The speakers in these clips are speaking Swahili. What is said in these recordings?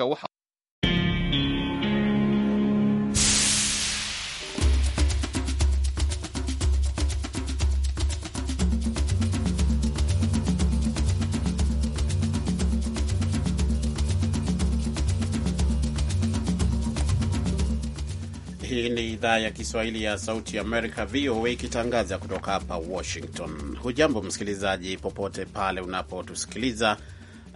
早晨。Hii ni idhaa ya Kiswahili ya Sauti Amerika, VOA, ikitangaza kutoka hapa Washington. Hujambo msikilizaji, popote pale unapotusikiliza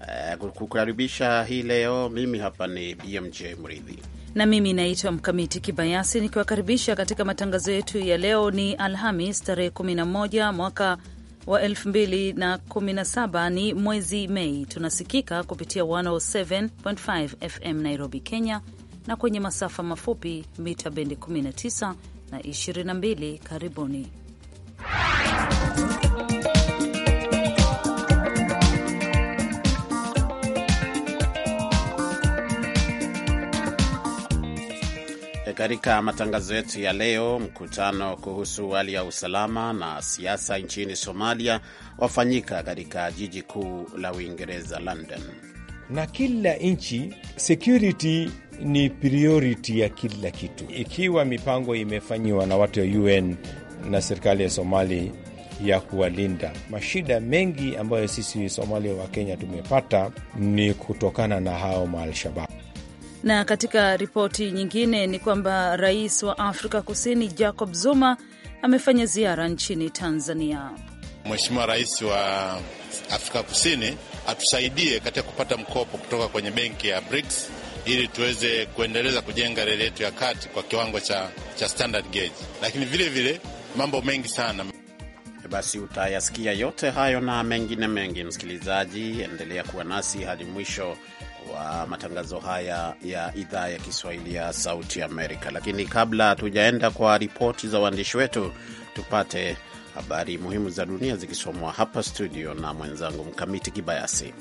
Eh, kukaribisha hii leo, mimi hapa ni BMJ Mridhi na mimi naitwa Mkamiti Kibayasi nikiwakaribisha katika matangazo yetu ya leo. Ni Alhamis tarehe 11 mwaka wa 2017 ni mwezi Mei. Tunasikika kupitia 107.5 FM Nairobi, Kenya, na kwenye masafa mafupi mita bendi 19 na 22. Karibuni Katika matangazo yetu ya leo, mkutano kuhusu hali ya usalama na siasa nchini Somalia wafanyika katika jiji kuu la Uingereza, London. Na kila nchi security ni priority ya kila kitu. Ikiwa mipango imefanyiwa na watu ya UN na serikali ya Somali ya kuwalinda, mashida mengi ambayo sisi Somalia wa Kenya tumepata ni kutokana na hao maalshabab na katika ripoti nyingine ni kwamba rais wa Afrika Kusini Jacob Zuma amefanya ziara nchini Tanzania. Mheshimiwa Rais wa Afrika Kusini atusaidie katika kupata mkopo kutoka kwenye benki ya BRICS ili tuweze kuendeleza kujenga reli yetu ya kati kwa kiwango cha, cha standard gauge, lakini vile vile mambo mengi sana. E, basi utayasikia yote hayo na mengine mengi, msikilizaji, endelea kuwa nasi hadi mwisho wa matangazo haya ya idhaa ya Kiswahili ya Sauti Amerika. Lakini kabla hatujaenda kwa ripoti za waandishi wetu, tupate habari muhimu za dunia zikisomwa hapa studio na mwenzangu Mkamiti Kibayasi.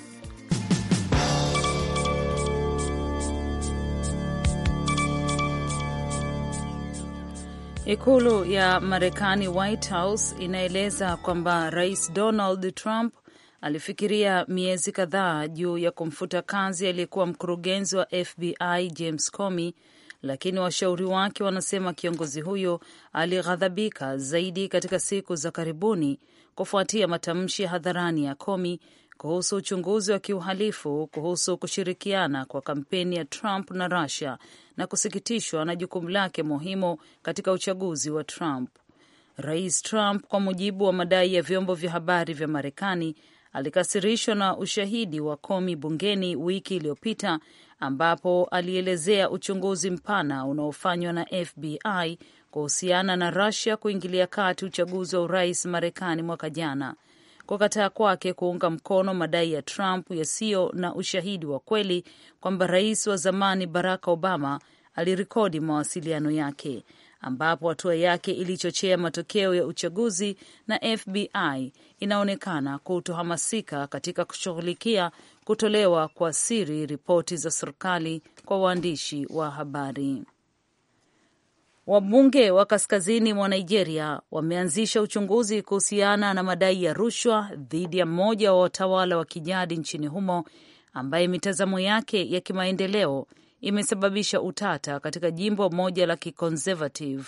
Ikulu ya Marekani, White House, inaeleza kwamba Rais Donald Trump alifikiria miezi kadhaa juu ya kumfuta kazi aliyekuwa mkurugenzi wa FBI James Comey, lakini washauri wake wanasema kiongozi huyo alighadhabika zaidi katika siku za karibuni kufuatia matamshi hadharani ya Comey kuhusu uchunguzi wa kiuhalifu kuhusu kushirikiana kwa kampeni ya Trump na Russia na kusikitishwa na jukumu lake muhimu katika uchaguzi wa Trump. Rais Trump, kwa mujibu wa madai ya vyombo vya habari vya Marekani, alikasirishwa na ushahidi wa Komi bungeni wiki iliyopita ambapo alielezea uchunguzi mpana unaofanywa na FBI kuhusiana na Russia kuingilia kati uchaguzi wa urais Marekani mwaka jana. Kukataa kwake kuunga mkono madai ya Trump yasiyo na ushahidi wa kweli kwamba rais wa zamani Barack Obama alirekodi mawasiliano yake, ambapo hatua yake ilichochea matokeo ya uchaguzi na FBI inaonekana kutohamasika katika kushughulikia kutolewa kwa siri ripoti za serikali kwa waandishi wa habari. Wabunge wa kaskazini mwa Nigeria wameanzisha uchunguzi kuhusiana na madai ya rushwa dhidi ya mmoja wa watawala wa kijadi nchini humo ambaye mitazamo yake ya kimaendeleo imesababisha utata katika jimbo moja la kiconservative.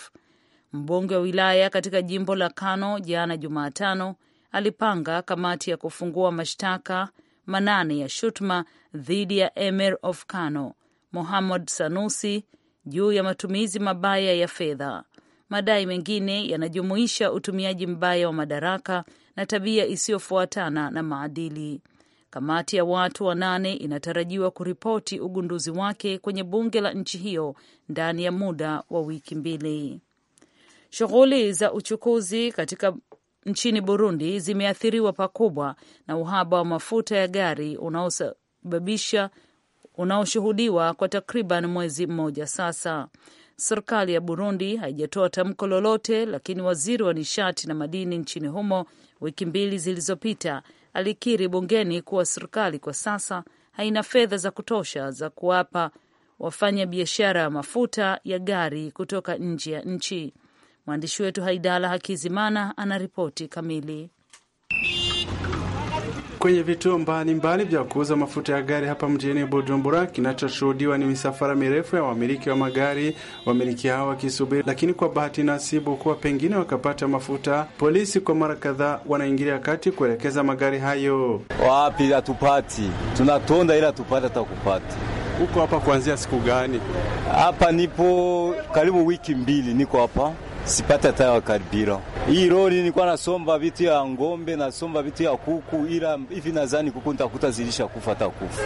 Mbunge wa wilaya katika jimbo la Kano jana Jumatano alipanga kamati ya kufungua mashtaka manane ya shutuma dhidi ya Emir Ofkano Mohammad Sanusi juu ya matumizi mabaya ya fedha. Madai mengine yanajumuisha utumiaji mbaya wa madaraka na tabia isiyofuatana na maadili. Kamati ya watu wanane inatarajiwa kuripoti ugunduzi wake kwenye bunge la nchi hiyo ndani ya muda wa wiki mbili. Shughuli za uchukuzi katika nchini Burundi zimeathiriwa pakubwa na uhaba wa mafuta ya gari unaosababisha unaoshuhudiwa kwa takriban mwezi mmoja sasa. Serikali ya Burundi haijatoa tamko lolote, lakini waziri wa nishati na madini nchini humo wiki mbili zilizopita alikiri bungeni kuwa serikali kwa sasa haina fedha za kutosha za kuwapa wafanya biashara ya mafuta ya gari kutoka nje ya nchi. Mwandishi wetu Haidala Hakizimana anaripoti kamili. Kwenye vituo mbalimbali vya kuuza mafuta ya gari hapa mjini Bujumbura, kinachoshuhudiwa ni misafara mirefu ya wamiliki wa magari, wamiliki hao wakisubiri, lakini kwa bahati nasibu kuwa pengine wakapata mafuta. Polisi kwa mara kadhaa wanaingilia kati kuelekeza magari hayo. Wapi hatupati, tunatonda ila tupate hata kupata huko. Hapa kuanzia siku gani? Hapa nipo karibu wiki mbili, niko hapa sipata hata wa karibiro. Hii lori nilikuwa nasomba vitu ya ngombe, nasomba vitu ya kuku, ila hivi nadhani kuku nitakuta zilisha kufa takufa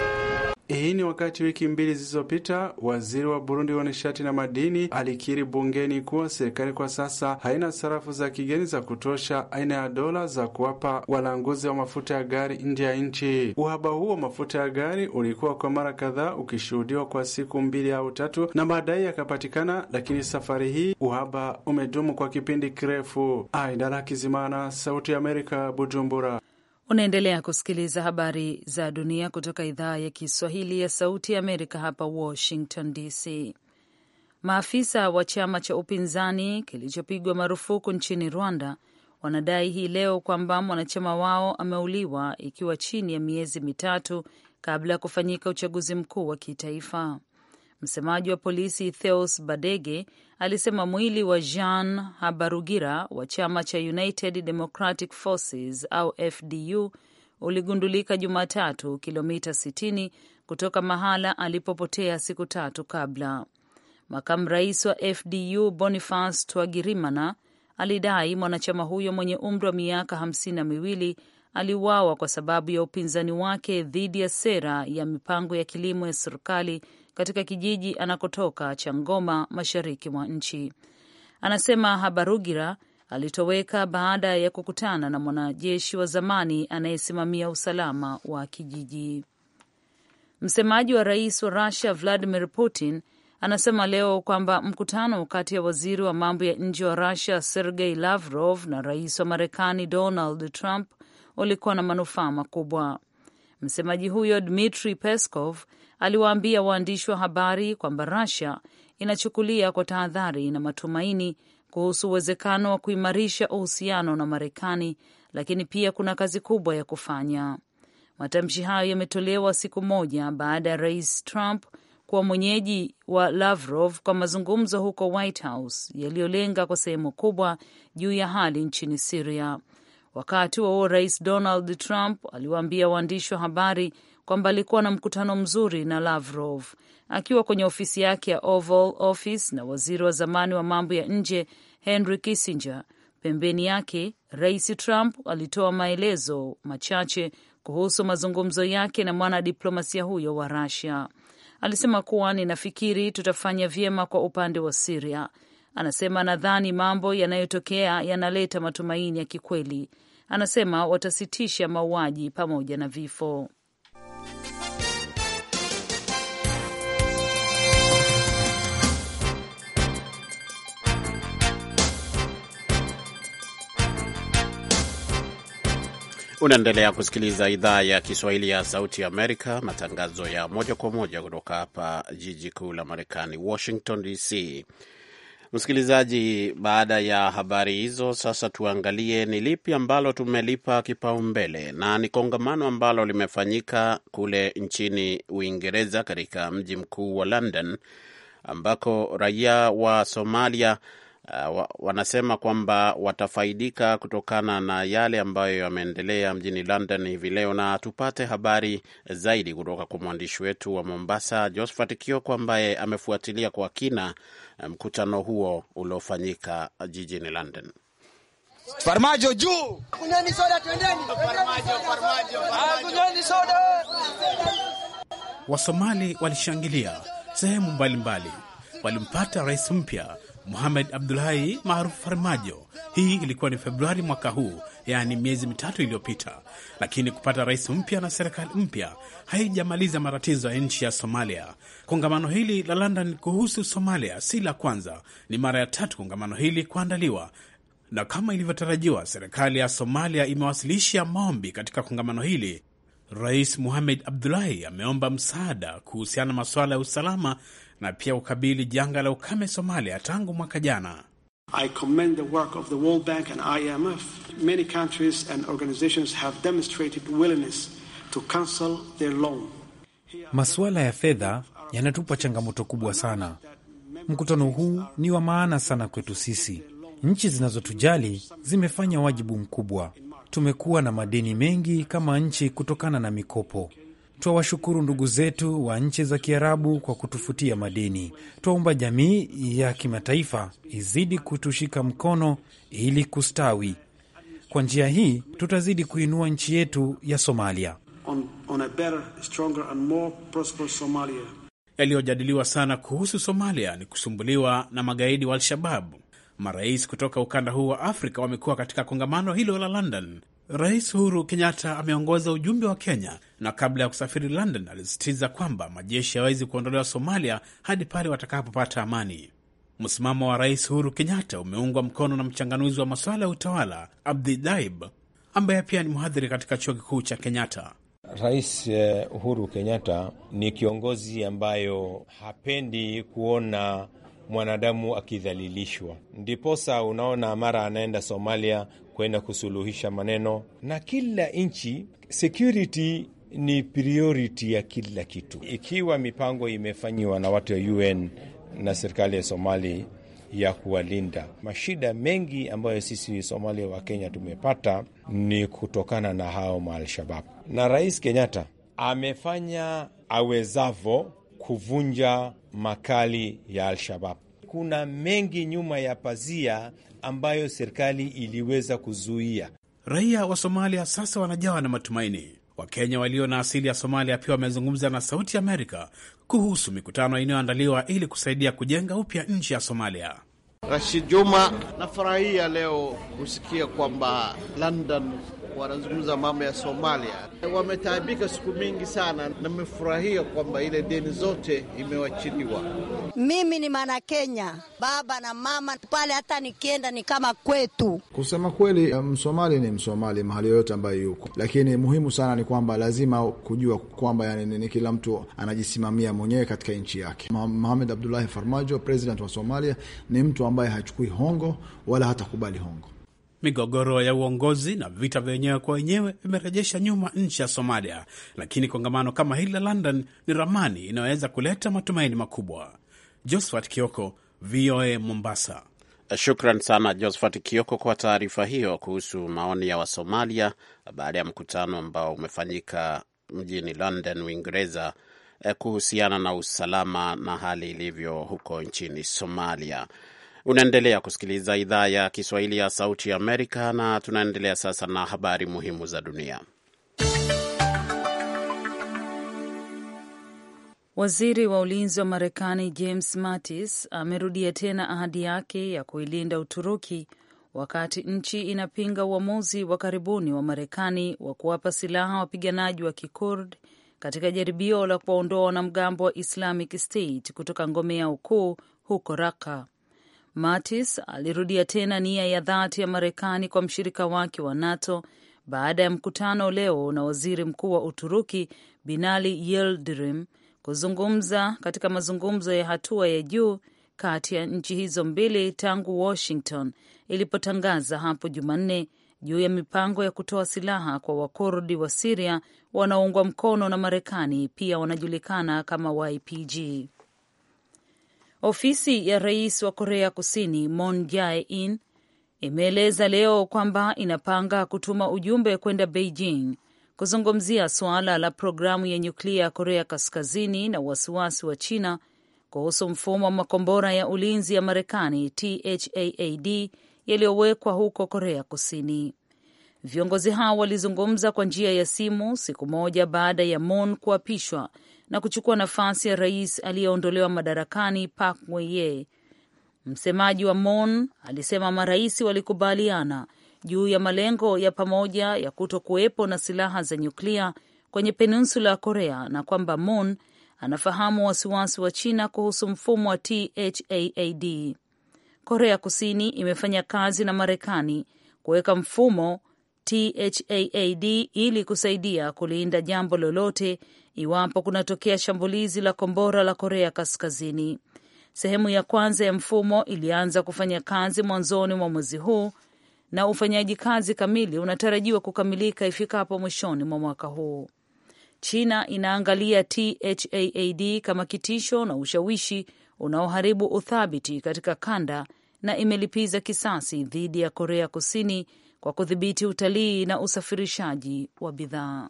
hii ni wakati wiki mbili zilizopita waziri wa Burundi wa nishati na madini alikiri bungeni kuwa serikali kwa sasa haina sarafu za kigeni za kutosha aina ya dola za kuwapa walanguzi wa mafuta ya gari nje ya nchi. Uhaba huo wa mafuta ya gari ulikuwa kwa mara kadhaa ukishuhudiwa kwa siku mbili au tatu na baadaye yakapatikana, lakini safari hii uhaba umedumu kwa kipindi kirefu. Aidara Kizimana, Sauti ya Amerika, Bujumbura. Unaendelea kusikiliza habari za dunia kutoka idhaa ya Kiswahili ya Sauti ya Amerika, hapa Washington DC. Maafisa wa chama cha upinzani kilichopigwa marufuku nchini Rwanda wanadai hii leo kwamba mwanachama wao ameuliwa, ikiwa chini ya miezi mitatu kabla ya kufanyika uchaguzi mkuu wa kitaifa. Msemaji wa polisi Theos Badege alisema mwili wa Jean Habarugira wa chama cha United Democratic Forces au FDU uligundulika Jumatatu, kilomita 60 kutoka mahala alipopotea siku tatu kabla. Makamu rais wa FDU Boniface Twagirimana alidai mwanachama huyo mwenye umri wa miaka hamsini na miwili aliuawa kwa sababu ya upinzani wake dhidi ya sera ya mipango ya kilimo ya serikali katika kijiji anakotoka cha Ngoma, mashariki mwa nchi. Anasema Habarugira alitoweka baada ya kukutana na mwanajeshi wa zamani anayesimamia usalama wa kijiji. Msemaji wa rais wa Rusia Vladimir Putin anasema leo kwamba mkutano kati ya waziri wa mambo ya nje wa Rusia Sergei Lavrov na rais wa Marekani Donald Trump ulikuwa na manufaa makubwa. Msemaji huyo Dmitri Peskov aliwaambia waandishi wa habari kwamba Russia inachukulia kwa tahadhari na matumaini kuhusu uwezekano wa kuimarisha uhusiano na Marekani, lakini pia kuna kazi kubwa ya kufanya. Matamshi hayo yametolewa siku moja baada ya rais Trump kuwa mwenyeji wa Lavrov kwa mazungumzo huko White House yaliyolenga kwa sehemu kubwa juu ya hali nchini Siria. Wakati wa huo, rais Donald Trump aliwaambia waandishi wa habari kwamba alikuwa na mkutano mzuri na Lavrov akiwa kwenye ofisi yake ya Oval Office na waziri wa zamani wa mambo ya nje Henry Kissinger pembeni yake. Rais Trump alitoa maelezo machache kuhusu mazungumzo yake na mwanadiplomasia huyo wa Russia. Alisema kuwa ninafikiri tutafanya vyema kwa upande wa siria Anasema nadhani mambo yanayotokea yanaleta matumaini ya kikweli. Anasema watasitisha mauaji pamoja na vifo. Unaendelea kusikiliza idhaa ya Kiswahili ya Sauti ya Amerika, matangazo ya moja kwa moja kutoka hapa jiji kuu la Marekani, Washington DC. Msikilizaji, baada ya habari hizo, sasa tuangalie ni lipi ambalo tumelipa kipaumbele, na ni kongamano ambalo limefanyika kule nchini Uingereza katika mji mkuu wa London, ambako raia wa Somalia Uh, wanasema kwamba watafaidika kutokana na yale ambayo yameendelea mjini London hivi leo, na tupate habari zaidi kutoka kwa mwandishi wetu wa Mombasa Josphat Kioko ambaye amefuatilia kwa kina um, mkutano huo uliofanyika jijini London. Farmajo juu, soda, twendeni ah, soda. Wasomali walishangilia sehemu mbalimbali, walimpata rais mpya Muhamed Abdulahi maarufu Farmajo. Hii ilikuwa ni Februari mwaka huu, yaani miezi mitatu iliyopita, lakini kupata rais mpya na serikali mpya haijamaliza matatizo ya nchi ya Somalia. Kongamano hili la London kuhusu Somalia si la kwanza, ni mara ya tatu kongamano hili kuandaliwa na kama ilivyotarajiwa, serikali ya Somalia imewasilisha maombi katika kongamano hili. Rais muhamed abdulahi ameomba msaada kuhusiana na masuala ya usalama na pia kukabili janga la ukame Somalia tangu mwaka jana. I commend the work of the World Bank and IMF. Many countries and organizations have demonstrated willingness to cancel their loan. Masuala ya fedha yanatupa changamoto kubwa sana. Mkutano huu ni wa maana sana kwetu sisi. Nchi zinazotujali zimefanya wajibu mkubwa. Tumekuwa na madeni mengi kama nchi kutokana na mikopo Twawashukuru ndugu zetu wa nchi za Kiarabu kwa kutufutia madini. Twaomba jamii ya kimataifa izidi kutushika mkono ili kustawi. Kwa njia hii tutazidi kuinua nchi yetu ya Somalia. On, on a better, stronger and more prosperous Somalia. Yaliyojadiliwa sana kuhusu Somalia ni kusumbuliwa na magaidi wa Al-Shababu. Marais kutoka ukanda huu wa Afrika wamekuwa katika kongamano hilo la London Rais Uhuru Kenyatta ameongoza ujumbe wa Kenya na kabla ya kusafiri London alisisitiza kwamba majeshi yawezi kuondolewa Somalia hadi pale watakapopata amani. Msimamo wa Rais Uhuru Kenyatta umeungwa mkono na mchanganuzi wa masuala ya utawala Abdi Daib ambaye pia ni mhadhiri katika chuo kikuu cha Kenyatta. Rais eh, Uhuru Kenyatta ni kiongozi ambayo hapendi kuona mwanadamu akidhalilishwa. Ndiposa unaona mara anaenda Somalia kwenda kusuluhisha maneno, na kila nchi security ni priority ya kila kitu. Ikiwa mipango imefanyiwa na watu ya UN na serikali ya Somali ya kuwalinda, mashida mengi ambayo sisi Somalia wa Kenya tumepata ni kutokana na hao maalshabab, na Rais Kenyatta amefanya awezavo kuvunja makali ya Al-Shabab. Kuna mengi nyuma ya pazia ambayo serikali iliweza kuzuia. Raia wa Somalia sasa wanajawa na matumaini. Wakenya walio na asili ya Somalia pia wamezungumza na Sauti Amerika kuhusu mikutano inayoandaliwa ili kusaidia kujenga upya nchi ya Somalia. Rashid Juma, nafurahia leo kusikia kwamba London wanazungumza mambo ya Somalia. Wametaabika siku mingi sana, na kwamba ile deni zote imewachiliwa. Mimi ni mana Kenya, baba na mama pale, hata nikienda ni kama kwetu. Kusema kweli, msomali um, ni msomali mahali yoyote ambaye yuko, lakini muhimu sana ni kwamba lazima kujua kwamba yani ni kila mtu anajisimamia mwenyewe katika nchi yake. Mohamed Abdullahi Farmajo, president wa Somalia, ni mtu ambaye hachukui hongo wala hatakubali hongo. Migogoro ya uongozi na vita vya wenyewe kwa wenyewe vimerejesha nyuma nchi ya Somalia, lakini kongamano kama hili la London ni ramani inayoweza kuleta matumaini makubwa. Josephat Kioko, VOA Mombasa. Shukran sana Josephat Kioko kwa taarifa hiyo kuhusu maoni ya Wasomalia baada ya mkutano ambao umefanyika mjini London, Uingereza, eh, kuhusiana na usalama na hali ilivyo huko nchini Somalia. Unaendelea kusikiliza idhaa ya Kiswahili ya Sauti ya Amerika, na tunaendelea sasa na habari muhimu za dunia. Waziri wa ulinzi wa Marekani James Mattis amerudia tena ahadi yake ya kuilinda Uturuki wakati nchi inapinga uamuzi wa karibuni wa Marekani wa kuwapa silaha wapiganaji wa Kikurd katika jaribio la kuwaondoa wanamgambo wa Islamic State kutoka ngome yao kuu huko Raka. Mattis alirudia tena nia ya dhati ya Marekani kwa mshirika wake wa NATO baada ya mkutano leo na waziri mkuu wa Uturuki Binali Yildirim kuzungumza katika mazungumzo ya hatua ya juu kati ya nchi hizo mbili tangu Washington ilipotangaza hapo Jumanne juu ya mipango ya kutoa silaha kwa Wakurdi wa Siria wanaoungwa mkono na Marekani, pia wanajulikana kama YPG. Ofisi ya rais wa Korea Kusini Moon Jae-in imeeleza leo kwamba inapanga kutuma ujumbe kwenda Beijing kuzungumzia suala la programu ya nyuklia ya Korea Kaskazini na wasiwasi wa China kuhusu mfumo wa makombora ya ulinzi ya Marekani THAAD yaliyowekwa huko Korea Kusini. Viongozi hao walizungumza kwa njia ya simu siku moja baada ya Moon kuapishwa na kuchukua nafasi ya rais aliyeondolewa madarakani Park Geun-hye. Msemaji wa MON alisema marais walikubaliana juu ya malengo ya pamoja ya kuto kuwepo na silaha za nyuklia kwenye peninsula ya Korea na kwamba MON anafahamu wasiwasi wa China kuhusu mfumo wa THAAD. Korea Kusini imefanya kazi na Marekani kuweka mfumo THAAD ili kusaidia kulinda jambo lolote iwapo kunatokea shambulizi la kombora la Korea Kaskazini. Sehemu ya kwanza ya mfumo ilianza kufanya kazi mwanzoni mwa mwezi huu na ufanyaji kazi kamili unatarajiwa kukamilika ifikapo mwishoni mwa mwaka huu. China inaangalia THAAD kama kitisho na ushawishi unaoharibu uthabiti katika kanda na imelipiza kisasi dhidi ya Korea Kusini kwa kudhibiti utalii na usafirishaji wa bidhaa.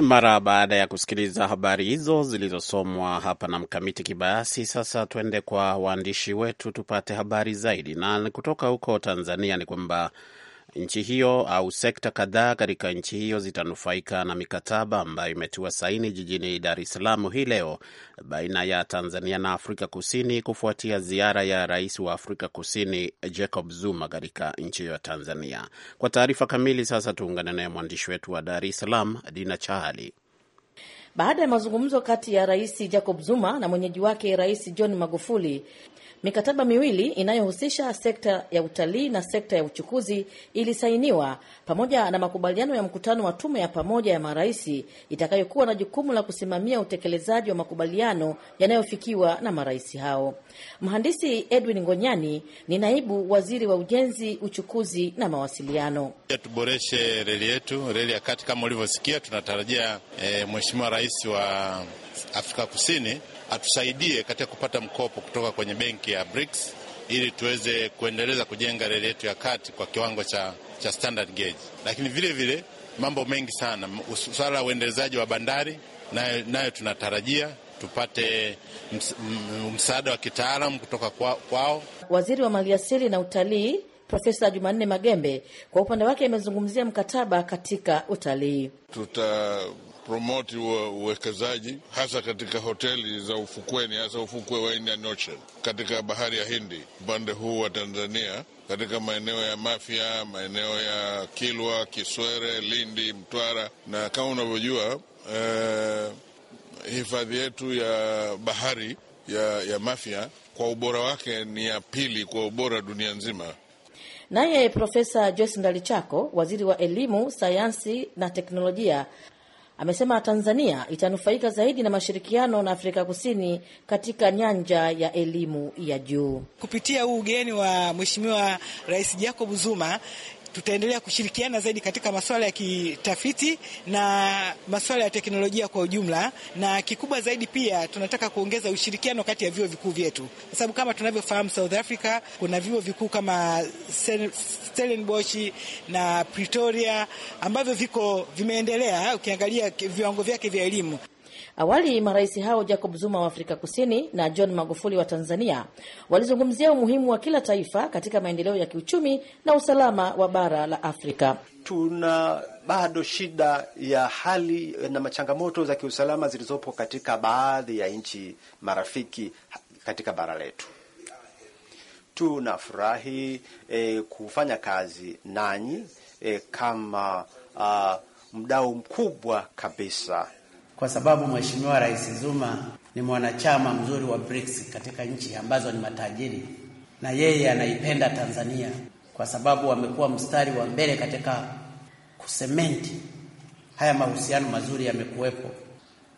Mara baada ya kusikiliza habari hizo zilizosomwa hapa na Mkamiti Kibayasi, sasa tuende kwa waandishi wetu tupate habari zaidi. Na kutoka huko Tanzania ni kwamba Nchi hiyo au sekta kadhaa katika nchi hiyo zitanufaika na mikataba ambayo imetiwa saini jijini Dar es Salaam hii leo baina ya Tanzania na Afrika Kusini kufuatia ziara ya rais wa Afrika Kusini Jacob Zuma katika nchi hiyo ya Tanzania. Kwa taarifa kamili, sasa tuungane naye mwandishi wetu wa Dar es Salaam, Dina Chahali. Baada ya mazungumzo kati ya Rais Jacob Zuma na mwenyeji wake Rais John Magufuli, Mikataba miwili inayohusisha sekta ya utalii na sekta ya uchukuzi ilisainiwa pamoja na makubaliano ya mkutano wa tume ya pamoja ya marais itakayokuwa na jukumu la kusimamia utekelezaji wa makubaliano yanayofikiwa na marais hao. Mhandisi Edwin Ngonyani ni naibu waziri wa ujenzi, uchukuzi na mawasiliano. Tuboreshe reli yetu, reli ya kati. Kama ulivyosikia, tunatarajia e, mheshimiwa rais wa Afrika Kusini atusaidie katika kupata mkopo kutoka kwenye benki ya BRICS ili tuweze kuendeleza kujenga reli yetu ya kati kwa kiwango cha, cha standard gauge. Lakini vile vile mambo mengi sana, swala la uendelezaji wa bandari nayo, nayo tunatarajia tupate msaada wa kitaalam kutoka kwao waziri wa maliasili na utalii Profesa Jumanne Magembe kwa upande wake amezungumzia mkataba katika utalii. Tuta kupromoti uwekezaji hasa katika hoteli za ufukweni, hasa ufukwe wa Indian Ocean katika bahari ya Hindi upande huu wa Tanzania, katika maeneo ya Mafia, maeneo ya Kilwa, Kiswere, Lindi, Mtwara na kama unavyojua eh, hifadhi yetu ya bahari ya, ya Mafia kwa ubora wake ni ya pili kwa ubora dunia nzima. Naye Profesa Joyce Ndalichako, waziri wa elimu, sayansi na teknolojia, amesema Tanzania itanufaika zaidi na mashirikiano na Afrika Kusini katika nyanja ya elimu ya juu kupitia huu ugeni wa Mheshimiwa Rais Jacob Zuma tutaendelea kushirikiana zaidi katika masuala ya kitafiti na masuala ya teknolojia kwa ujumla, na kikubwa zaidi pia tunataka kuongeza ushirikiano kati ya vyuo vikuu vyetu, kwa sababu kama tunavyofahamu South Africa kuna vyuo vikuu kama Stellenbosch na Pretoria ambavyo viko vimeendelea, ukiangalia viwango vyake vya elimu. Awali marais hao Jacob Zuma wa Afrika Kusini na John Magufuli wa Tanzania walizungumzia umuhimu wa kila taifa katika maendeleo ya kiuchumi na usalama wa bara la Afrika. Tuna bado shida ya hali na machangamoto za kiusalama zilizopo katika baadhi ya nchi marafiki katika bara letu. Tunafurahi e, kufanya kazi nanyi e, kama a, mdau mkubwa kabisa kwa sababu Mheshimiwa Rais Zuma ni mwanachama mzuri wa BRICS katika nchi ambazo ni matajiri, na yeye anaipenda Tanzania kwa sababu amekuwa mstari wa mbele katika kusementi haya mahusiano mazuri yamekuwepo.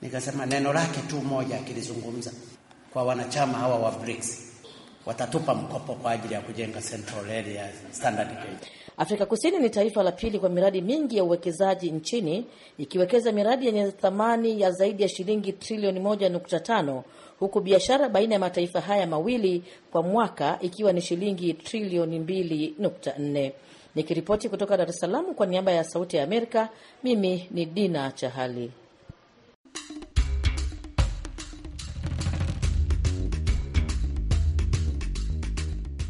Nikasema neno lake tu moja akilizungumza kwa wanachama hawa wa BRICS, watatupa mkopo kwa ajili ya kujenga Central area Standard Gauge. Afrika Kusini ni taifa la pili kwa miradi mingi ya uwekezaji nchini ikiwekeza miradi yenye thamani ya zaidi ya shilingi trilioni 1.5 huku biashara baina ya mataifa haya mawili kwa mwaka ikiwa ni shilingi trilioni 2.4. Nikiripoti kutoka Dar es Salaam kwa niaba ya Sauti ya Amerika, mimi ni Dina Chahali.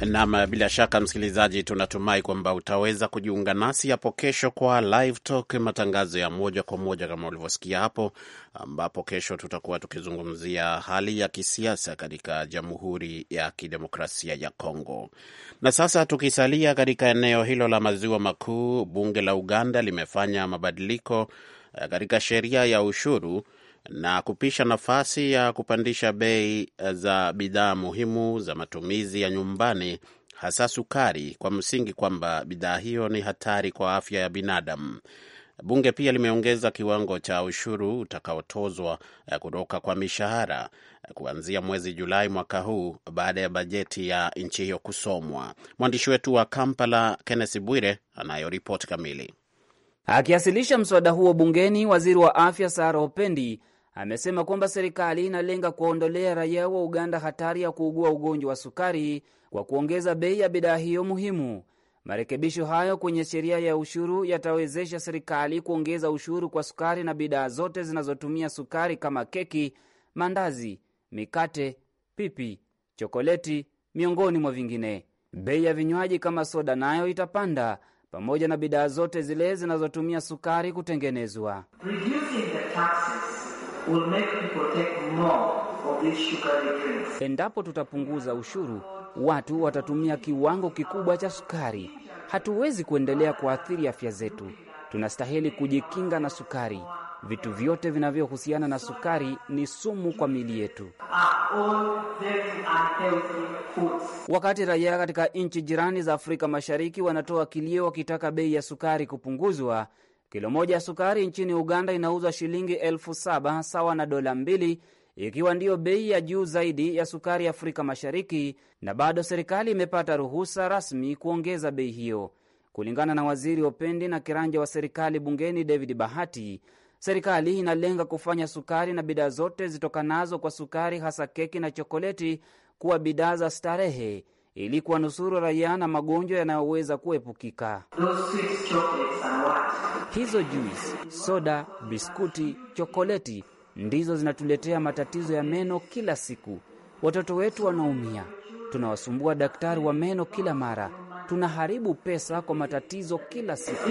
Nam, bila shaka msikilizaji, tunatumai kwamba utaweza kujiunga nasi hapo kesho kwa Live Talk, matangazo ya moja kwa moja kama ulivyosikia hapo, ambapo kesho tutakuwa tukizungumzia hali ya kisiasa katika Jamhuri ya Kidemokrasia ya Kongo. Na sasa tukisalia katika eneo hilo la maziwa makuu, bunge la Uganda limefanya mabadiliko eh, katika sheria ya ushuru na kupisha nafasi ya kupandisha bei za bidhaa muhimu za matumizi ya nyumbani hasa sukari kwa msingi kwamba bidhaa hiyo ni hatari kwa afya ya binadamu. Bunge pia limeongeza kiwango cha ushuru utakaotozwa eh, kutoka kwa mishahara eh, kuanzia mwezi Julai mwaka huu baada ya bajeti ya nchi hiyo kusomwa. Mwandishi wetu wa Kampala, Kenneth Bwire, anayoripoti kamili. akiasilisha mswada huo bungeni, waziri wa afya Sara Opendi amesema kwamba serikali inalenga kuondolea raia wa Uganda hatari ya kuugua ugonjwa wa sukari kwa kuongeza bei ya bidhaa hiyo muhimu. Marekebisho hayo kwenye sheria ya ushuru yatawezesha serikali kuongeza ushuru kwa sukari na bidhaa zote zinazotumia sukari kama keki, mandazi, mikate, pipi, chokoleti, miongoni mwa vingine. Bei ya vinywaji kama soda nayo itapanda pamoja na bidhaa zote zile zinazotumia sukari kutengenezwa. Reducing the taxes will make people take more of these sugary drinks. Endapo tutapunguza ushuru, watu watatumia kiwango kikubwa cha sukari. Hatuwezi kuendelea kuathiri afya zetu. Tunastahili kujikinga na sukari. Vitu vyote vinavyohusiana na sukari ni sumu kwa mili yetu. Wakati raia katika nchi jirani za Afrika Mashariki wanatoa kilio wakitaka bei ya sukari kupunguzwa, Kilo moja ya sukari nchini Uganda inauzwa shilingi elfu saba sawa na dola mbili, ikiwa ndiyo bei ya juu zaidi ya sukari Afrika Mashariki, na bado serikali imepata ruhusa rasmi kuongeza bei hiyo. Kulingana na waziri Opendi na kiranja wa serikali bungeni David Bahati, serikali inalenga kufanya sukari na bidhaa zote zitokanazo kwa sukari, hasa keki na chokoleti, kuwa bidhaa za starehe ili kuwanusuru raia na magonjwa yanayoweza kuepukika. Hizo juisi, soda, biskuti, chokoleti ndizo zinatuletea matatizo ya meno kila siku. Watoto wetu wanaumia, tunawasumbua daktari wa meno kila mara, tunaharibu pesa kwa matatizo kila siku.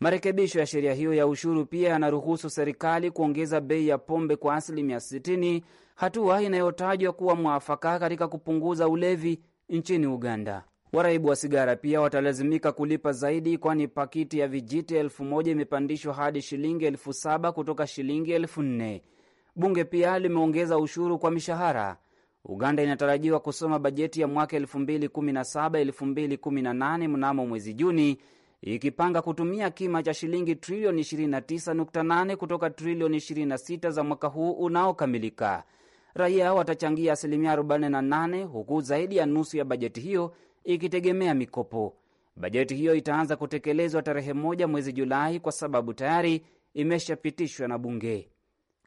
Marekebisho ya sheria hiyo ya ushuru pia yanaruhusu serikali kuongeza bei ya pombe kwa asilimia 60 hatua inayotajwa kuwa mwafaka katika kupunguza ulevi nchini Uganda. Waraibu wa sigara pia watalazimika kulipa zaidi, kwani pakiti ya vijiti elfu moja imepandishwa hadi shilingi elfu saba kutoka shilingi elfu nne. Bunge pia limeongeza ushuru kwa mishahara. Uganda inatarajiwa kusoma bajeti ya mwaka 2017-2018 mnamo mwezi Juni, ikipanga kutumia kima cha shilingi trilioni 29.8 kutoka trilioni 26 za mwaka huu unaokamilika raia watachangia asilimia 48, huku zaidi ya nusu ya bajeti hiyo ikitegemea mikopo. Bajeti hiyo itaanza kutekelezwa tarehe moja mwezi Julai kwa sababu tayari imeshapitishwa na bunge.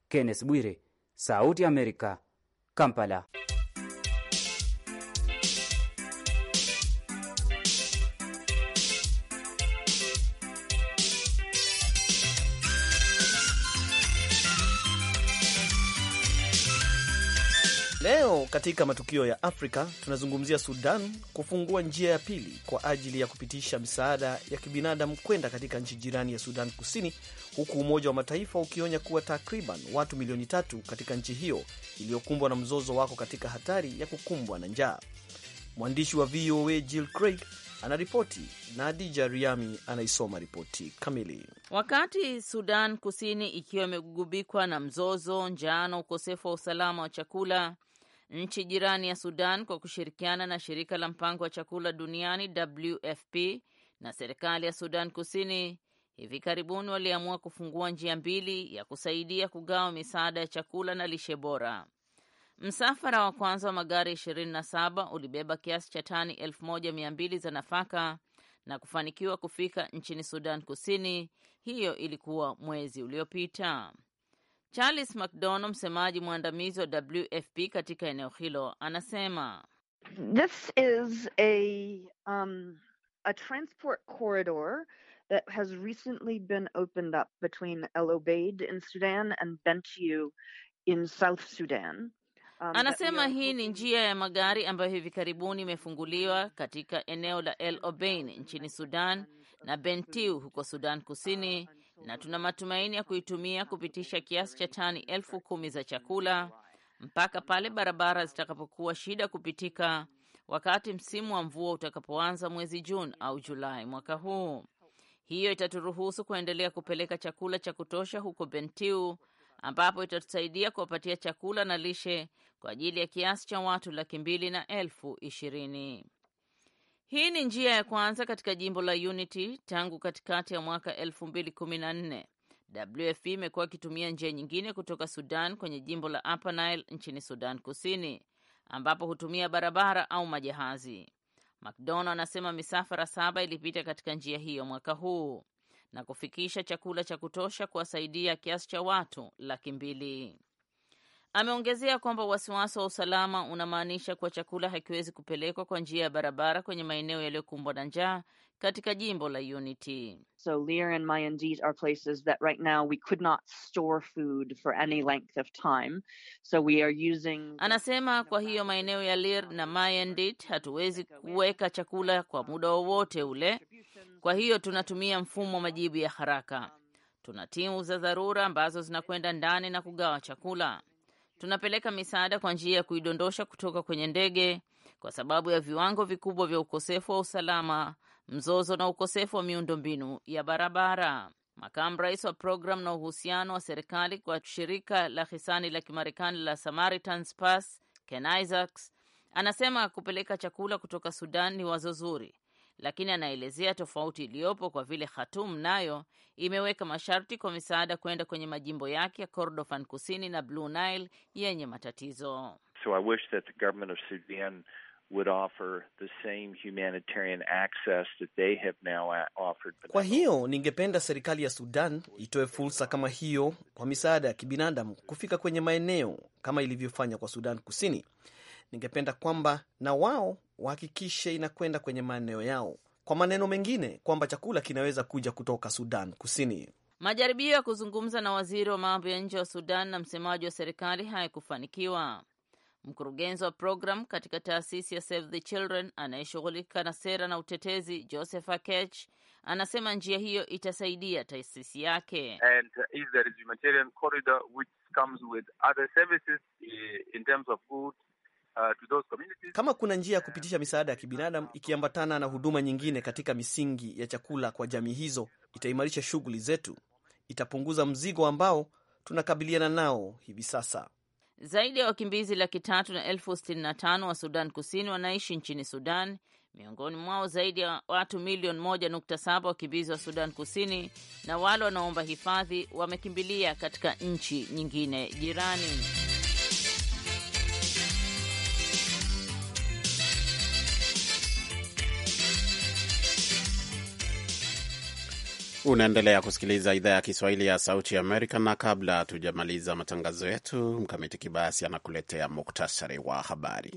Kenneth Bwire, Sauti ya Amerika, Kampala. Leo katika matukio ya Afrika tunazungumzia Sudan kufungua njia ya pili kwa ajili ya kupitisha misaada ya kibinadamu kwenda katika nchi jirani ya Sudan Kusini, huku Umoja wa Mataifa ukionya kuwa takriban watu milioni tatu katika nchi hiyo iliyokumbwa na mzozo wako katika hatari ya kukumbwa na njaa. Mwandishi wa VOA Jill Craig anaripoti na Adija Riami anaisoma ripoti kamili. Wakati Sudan Kusini ikiwa imegubikwa na mzozo, njaa na ukosefu wa usalama wa chakula, Nchi jirani ya Sudan kwa kushirikiana na shirika la mpango wa chakula duniani WFP na serikali ya Sudan Kusini hivi karibuni waliamua kufungua njia mbili ya kusaidia kugawa misaada ya chakula na lishe bora. Msafara wa kwanza wa magari 27 ulibeba kiasi cha tani 1200 za nafaka na kufanikiwa kufika nchini Sudan Kusini. Hiyo ilikuwa mwezi uliopita. Charles McDonough, msemaji mwandamizi wa WFP katika eneo hilo, anasema This is a, um, a transport corridor that has recently been opened up between El Obeid in Sudan and Bentiu in South Sudan. Um, anasema hii ni njia ya magari ambayo hivi karibuni imefunguliwa katika eneo la El Obeid nchini Sudan na Bentiu huko Sudan Kusini na tuna matumaini ya kuitumia kupitisha kiasi cha tani elfu kumi za chakula mpaka pale barabara zitakapokuwa shida kupitika wakati msimu wa mvua utakapoanza mwezi Juni au Julai mwaka huu. Hiyo itaturuhusu kuendelea kupeleka chakula cha kutosha huko Bentiu, ambapo itatusaidia kuwapatia chakula na lishe kwa ajili ya kiasi cha watu laki mbili na elfu ishirini. Hii ni njia ya kwanza katika jimbo la Unity tangu katikati ya mwaka 214 WFP imekuwa ikitumia njia nyingine kutoka Sudan kwenye jimbo la Upper Nile nchini Sudan Kusini, ambapo hutumia barabara au majahazi. McDonald anasema misafara saba ilipita katika njia hiyo mwaka huu na kufikisha chakula cha kutosha kuwasaidia kiasi cha watu laki mbili. Ameongezea kwamba wasiwasi wa usalama unamaanisha kuwa chakula hakiwezi kupelekwa kwa njia ya barabara kwenye maeneo yaliyokumbwa na njaa katika jimbo la Unity. So Lear and Mayandit are places that right now we could not store food for any length of time. So we are using... Anasema kwa hiyo maeneo ya Lear na Mayandit hatuwezi kuweka chakula kwa muda wowote ule. Kwa hiyo tunatumia mfumo wa majibu ya haraka. Um, Tuna timu za dharura ambazo zinakwenda ndani na kugawa chakula tunapeleka misaada kwa njia ya kuidondosha kutoka kwenye ndege kwa sababu ya viwango vikubwa vya ukosefu wa usalama, mzozo na ukosefu wa miundombinu ya barabara. Makamu rais wa programu na uhusiano wa serikali kwa shirika la hisani la Kimarekani la Samaritan's pass Ken Isaacs, anasema kupeleka chakula kutoka Sudan ni wazo zuri, lakini anaelezea tofauti iliyopo kwa vile Khatum nayo imeweka masharti kwa misaada kwenda kwenye majimbo yake ya Kordofan Kusini na Blue Nile yenye matatizo. So I wish that the government of Sudan would offer the same humanitarian access that they have now offered. Kwa hiyo ningependa serikali ya Sudan itoe fursa kama hiyo kwa misaada ya kibinadamu kufika kwenye maeneo kama ilivyofanya kwa Sudan Kusini. Ningependa kwamba na wao wahakikishe inakwenda kwenye maeneo yao. Kwa maneno mengine, kwamba chakula kinaweza kuja kutoka Sudan Kusini. Majaribio ya kuzungumza na waziri wa mambo ya nje wa Sudan na msemaji wa serikali hayakufanikiwa. Mkurugenzi wa program katika taasisi ya Save the Children anayeshughulika na sera na utetezi Joseph Akech anasema njia hiyo itasaidia taasisi yake. And if there is humanitarian corridor which comes with other services eh, in terms of Uh, to those communities. Kama kuna njia ya kupitisha misaada ya kibinadamu uh, ikiambatana na huduma nyingine katika misingi ya chakula kwa jamii hizo, itaimarisha shughuli zetu, itapunguza mzigo ambao tunakabiliana nao hivi sasa. Zaidi ya wakimbizi laki tatu na elfu sitini na tano wa Sudan Kusini wanaishi nchini Sudan, miongoni mwao zaidi ya watu milioni moja nukta saba wakimbizi wa Sudan Kusini, na wale wanaoomba hifadhi wamekimbilia katika nchi nyingine jirani. Unaendelea kusikiliza idhaa ya Kiswahili ya Sauti Amerika, na kabla hatujamaliza matangazo yetu, Mkamiti Kibayasi anakuletea muktasari wa habari.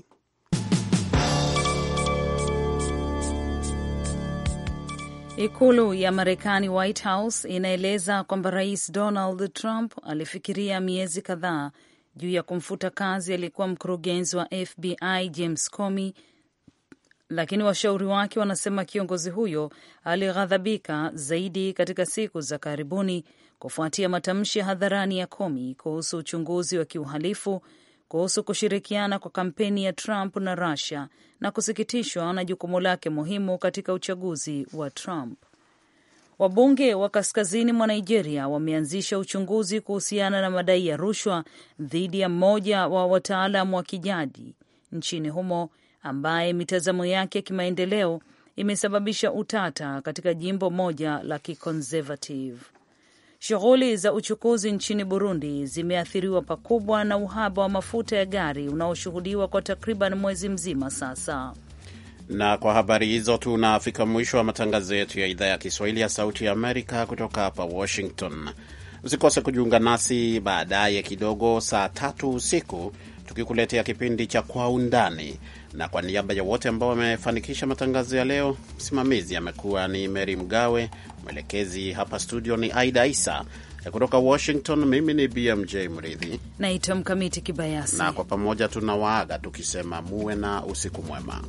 Ikulu ya Marekani, White House, inaeleza kwamba Rais Donald Trump alifikiria miezi kadhaa juu ya kumfuta kazi aliyekuwa mkurugenzi wa FBI James Comey lakini washauri wake wanasema kiongozi huyo alighadhabika zaidi katika siku za karibuni kufuatia matamshi ya hadharani ya Komi kuhusu uchunguzi wa kiuhalifu kuhusu kushirikiana kwa kampeni ya Trump na Russia na kusikitishwa na jukumu lake muhimu katika uchaguzi wa Trump. Wabunge wa kaskazini mwa Nigeria wameanzisha uchunguzi kuhusiana na madai ya rushwa dhidi ya mmoja wa wataalam wa kijadi nchini humo ambaye mitazamo yake ya kimaendeleo imesababisha utata katika jimbo moja la kiconservative. Shughuli za uchukuzi nchini Burundi zimeathiriwa pakubwa na uhaba wa mafuta ya gari unaoshuhudiwa kwa takriban mwezi mzima sasa. Na kwa habari hizo tunafika mwisho wa matangazo yetu ya idhaa ya Kiswahili ya Sauti ya Amerika kutoka hapa Washington. Usikose kujiunga nasi baadaye kidogo, saa tatu usiku tukikuletea kipindi cha Kwa Undani na kwa niaba ya wote ambao wamefanikisha matangazo ya leo, msimamizi amekuwa ni Mary Mgawe, mwelekezi hapa studio ni Aida Isa. Kutoka Washington, mimi ni BMJ Mridhi naitwa Mkamiti Kibayasi, na kwa pamoja tunawaaga tukisema muwe na usiku mwema.